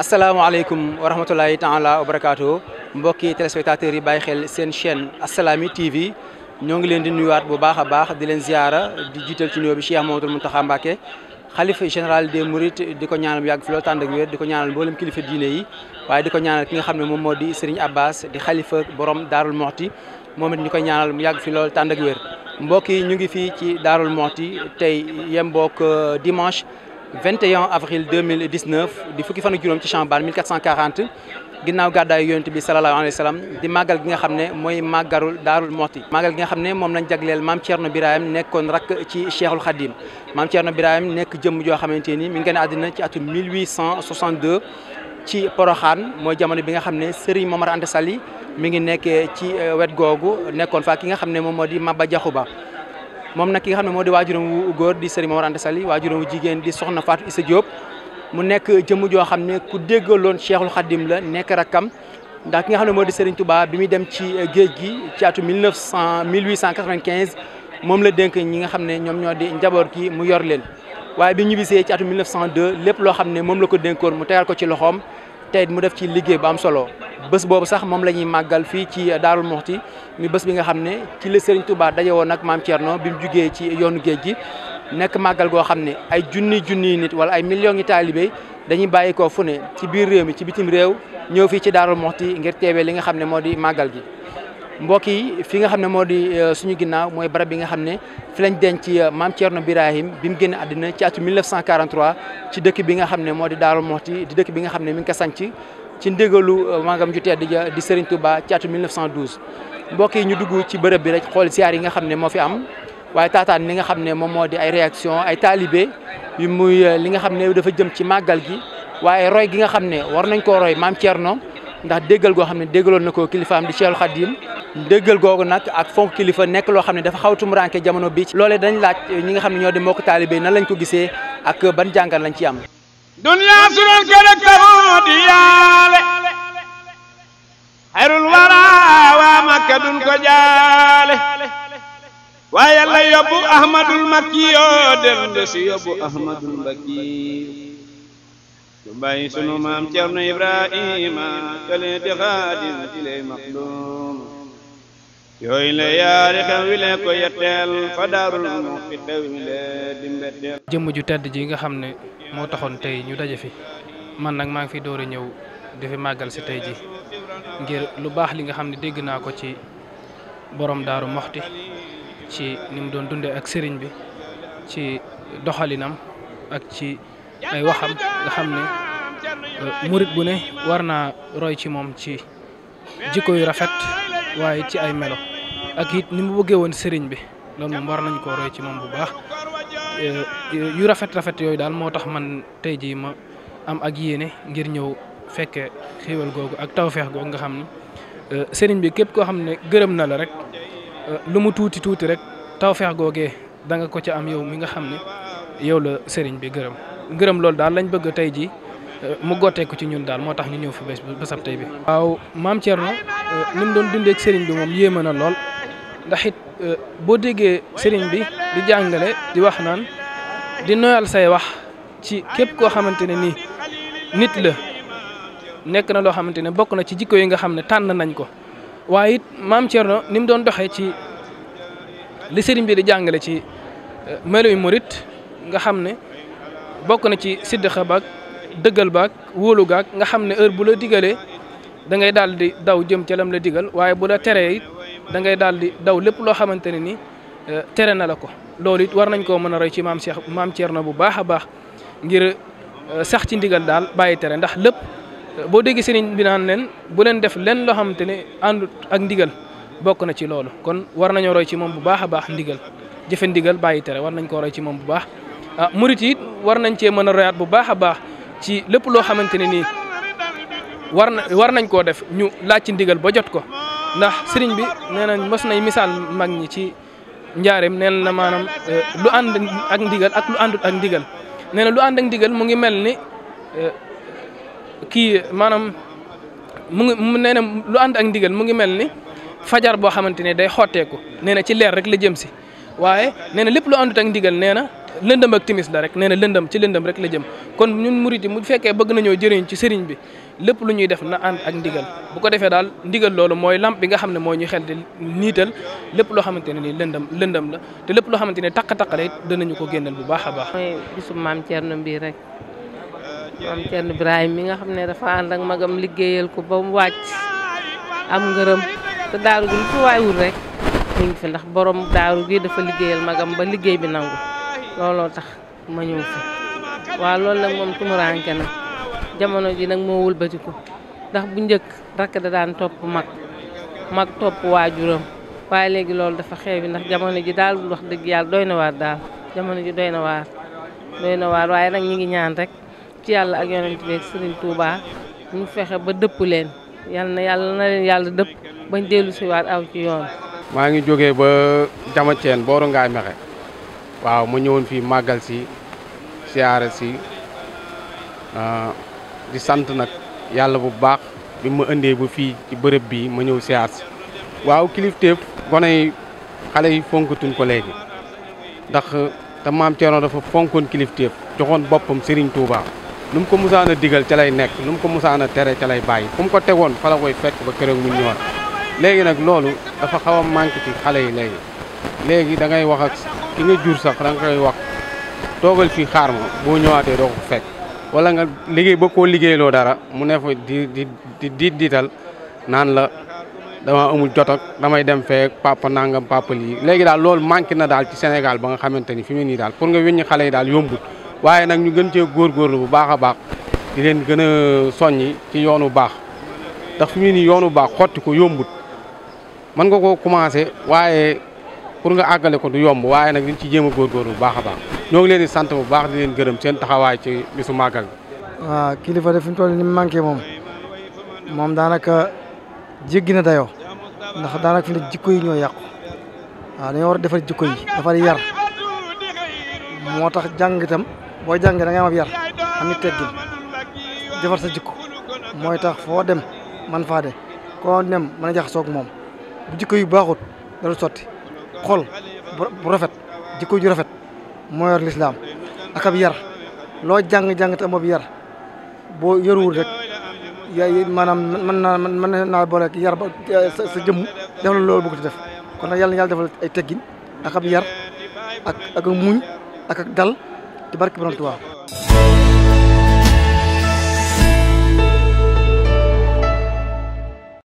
asalaamaaleykum wa rahmatulahi taala wa barakaatu mbokki téléspectateurs yi bàyyi xel seen chaîne Assalaamy TV ñoo ngi leen di nuyuwaat bu baax a baax di leen ziara di jiital ci nuyoo bi Cheikh Mamadou Mountakha Mbacké xalifa général des Mourides di ko ñaanal yàgg fi loolu tànd ak di ko ñaanal mboolem kilifa diine yi waaye diko ko ñaanal ki nga xam ne moom moo di Serigne Abbas di xalifa borom Daarul Moxti moom it ñu koy ñaanal mu yàgg fi loolu tànd ak mbokk yi ñu ngi fii ci Daarul Moxti tey yem boog euh, dimanche 21 avril 2019 di fukki fan ak juróom ci Chambane 1440 ginnaaw gàddaay yonent bi salallaahu alayhi wa sallam di màggal gi nga xam ne mooy màggarul daarul moxti màggal gi nga xam ne moom lañ jagleel maam Thierno Birahim nekkoon rakk ci Cheikhul Khadim maam Thierno Birahim nekk jëmm joo xamante ni mi ngi gën a àddina ci atum 1862 ci Poroxaan mooy jamono bi nga xam ne Serigne Momar Anta Sali mi ngi nekkee ci euh, wet googu nekkoon fa ki nga xam ne moom moo di Maba Jaxu Ba moom nag ki nga xam ne moo di waajuram wu góor di Serigne Momar Anta Sali waajuram wu jigéen di soxna Fatou Issa Diop mu nekk jëmm joo xam ne ku déggaloon Cheikhul Khadim la nekk rakkam ndax ki nga xam ne moo di Serigne Touba bi muy dem ci géej gi ci atu 1900 1895 moom la dénk ñi nga xam ne ñoom ñoo di njaboot gi mu yor leen waaye bi ñu bisee ci atu 1902 lépp loo xam ne moom la ko dénkoon mu tegal ko ci loxoom tey mu def ci liggéey bu am solo bës boobu sax moom la ñuy màggal fii ci Daarul Muxti mi bës bi nga xam ne ci la Serigne Touba daje woon ak maam Thierno bi mu jugee ci yoonu géej gi nekk màggal goo xam ne ay junni junni nit wala ay millions yi taalibe dañuy bàyyi ko fu ne ci biir réew mi ci bitim réew ñëw fii ci Daarul Muxti ngir teewee li nga xam ne moo di màggal gi. mbokk yi fi nga xam ne moo di euh, suñu ginnaaw mooy barab bi nga xam ne fi lañ denc euh, maam Thierno Birahim bi mu génn àddina ci atu 1943 ci dëkk bi nga xam ne moo di Daarul Muxti di dëkk bi nga xam ne mi ngi ko sanc ci ndégalu euh, maagam ju tedd ja di Serigne Touba ci atu 1912 mbokk yi ñu dugg ci bërëb bi rek xool siyaar yi nga xam ne moo fi am waaye taataan li nga xam ne moom moo di ay réaction ay taalibe yu muy euh, li nga xam ne dafa jëm ci màggal gi waaye roy gi nga xam ne war nañ koo roy maam Thierno ndax déggal goo xam ne déggaloon na ko am di Cheikh Khadim déggal googu nag ak fonk kilifa nekk loo xam ne dafa xaw tumuraanke jamono bi loolee dañ laaj ñi nga xam ne ñoo di mbokk taalibe nan lañ ko gisee ak ban jàngat lañ ci am دنيا سرون كلك ديال خير الورى ومكة دون كجال ويلا يبو أحمد المكي دندس يبو أحمد المكي باي سنو مام تيرنا إبراهيم كلي دخادم تلي مخلوق yooyu jëmm ju tedd ji nga xam ne moo taxoon tey ñu daje fi man nag maa ngi fi door a ñëw di fi màggal si tey ji ngir lu baax li nga xam ne dégg naa ko ci boroom daaru moxti ci ni mu doon dundee ak sëriñ bi ci doxalinam ak ci ay waxam nga xam ne euh, murit bu ne war naa roy ci moom ci jikko yu rafet waaye ci ay melo ak it ni mu bëggee woon sëriñ bi loolu moom war nañ koo roy ci moom bu baax eh, yu rafet rafet yooyu daal moo tax man tey jii ma am ak yéene ngir ñëw fekke xéewal googu ak taw feex googu nga xam ne eh, sëriñ bi képp koo xam ne gërëm na la rek eh, lu mu tuuti tuuti rek tawfeex googee da ko ca am yow mi nga xam ne yow la sëriñ bi gërëm gërëm loolu daal lañ bëgg tey jii mu gottee ci ñun daal moo tax ñu ñëw fi bés bésab tey bi. waaw maam Thierno ni mu doon dundee sëriñ bi moom yéeme ndax it euh, boo déggee sëriñ bi di jàngale di wax naan di noyal say wax ci képp koo xamante ne nii nit la nekk na loo xamante ne bokk na ci jikko yi nga xam ne tànn nañ ko waaye it maam Thierno ni mu doon doxee ci li sëriñ bi di jàngale ci euh, melo yu murit nga xam ne bokk na ci siddaxa baag dëggal baag wóolu gaag nga xam ne heure bu la digalee dangay ngay daal di daw jëm ca lam la digal waaye bu la tere it da ngay daal di daw lépp loo xamante ne ni euh, tere na la ko loolu it war nañ koo mën a roy ci maam Cheikh maam Thierno bu baax a baax ngir euh, sax ci ndigal daal bàyyi tere ndax lépp euh, boo déggee sëriñ bi naan leen bu leen def leen loo xamante ne àndut ak ndigal bokk na ci loolu kon war nañoo roy ci moom bu baax a baax ndigal jëfe ndigal bàyyi tere war nañ koo roy ci moom bu baax a ah, murit it war nañ cee mën a royaat bu baax a baax ci lépp loo xamante ne nii war na war nañ koo def ñu laaj ci ndigal ba jot ko ndax sëriñ bi nee nañ mos nay misaal mag ñi ci njaareem nee na maanaam eh, lu ànd ak ndigal ak lu àndut ak ndigal nee lu ànd mu ngi mel ni eh, kii maanaam mu ngi nee na lu ànd ak ndigal mu ngi mel ni fajar boo xamante ne day xotteeku nee na ci leer rek la jëm si waaye nee na lépp lu àndut ak ndigal nee na lëndëm ak timis la rek nee na lëndëm ci lëndëm rek la jëm kon ñun murit yi mu fekkee bëgg nañoo jëriñ ci sëriñ bi lépp lu ñuy def na ànd ak ndigal bu ko defee daal ndigal loolu mooy lamp bi nga xam ne moo ñu xel di niital lépp loo xamante ne nii lëndëm lëndëm la te lépp loo xamante ne taq-taq la it danañu ko génneel bu baax a baax. mooy bisum maam Thierno bi rek maam Thierno Ibrahima nga xam ne dafa ànd ak magam liggéeyal ko ba mu wàcc am ngërëm te rek mi ngi fi ndax borom daaru gi dafa liggéeyal magam ba liggéey bi nangu looloo tax ma ñëw fi waaw loolu nag moom tumuraanke na jamono ji nag moo wëlbatiku ndax bu njëkk rakk da daan topp mag mag topp waajuram waaye léegi loolu dafa bi ndax jamono ji daal wax dëgg yàlla doy na waar daal jamono ji doy na waar doy na waar waaye nag ñi ngi ñaan rek ci yàlla ak yonent bi ak Sëriñ Tuuba ñu fexe ba dëpp leen yàlla na yàlla na leen yàlla dëpp bañ dellu si waat aw ci yoon maa ngi jóge ba jama ceen booru ngaay mexe waaw ma ñëwoon fii màggal si siyaare si ah, di sant nag yàlla bu baax bi ma indee ba fii ci bërëb bii ma ñëw siyaar si waaw kilifteef gone yi xale yi fonkatuñ ko léegi ndax te maam Thierno dafa fonkoon kilifteef joxoon boppam Serigne Touba lu mu ko musaan a digal ca lay nekk lu mu ko musaan tere ca lay bàyyi fu mu ko tegoon fa la koy fekk ba keroog mu ñëwaat léegi nag loolu dafa xaw a manqué ci xale yi léegi léegi da ngay wax ki nga jur sax da nga koy wax toogal fii xaar ma boo ñëwaatee doo ko fekk wala nga liggéey ba koo liggéeyloo dara mu ne fa di di di diital naan la dama amul jot damay dem fee papa nangam papa lii léegi daal loolu manqué na daal ci Sénégal ba nga xamante ni fi mu nii daal pour nga wéññi xale yi daal yombut waaye nag ñu gën cee góorgóorlu bu baax a baax di leen gën a soññi ci yoon wu baax ndax fi mu nii yoonu baax xotti ko yombut mën nga ko commencé waaye pour nga àggale ko du yomb waaye nag liñ ci jéem a góorgóorlu bu baax a baax. ñoo ngi leen sant bu baax di leen gërëm seen taxawaay ci bisu màggal bi. waaw kilifa de fi mu toll ni manqué moom moom daanaka jéggi na dayoo ndax daanaka fi ne jikko yi ñoo yàqu waaw dañoo war defar jikko yi dafa yar moo tax jàng itam boo jàngee da ngay am ab yar amit teggin defar sa jikko mooy tax foo dem man faa de koo dem mën a jaxasoog moom bu jikko yu baaxut dara sotti xol bu rafet jikko ju rafet. moo yor lislaam ak yar loo jàng-jàng te amob yar boo yoruwul rek yaay maanaam mën naa mën naa boole ak yar ba sa jëmm def la loolu bëgg ci def kon nag yàlla na yàlla defal ay teggin ak ab yar ak muñ ak dal ci barke Borom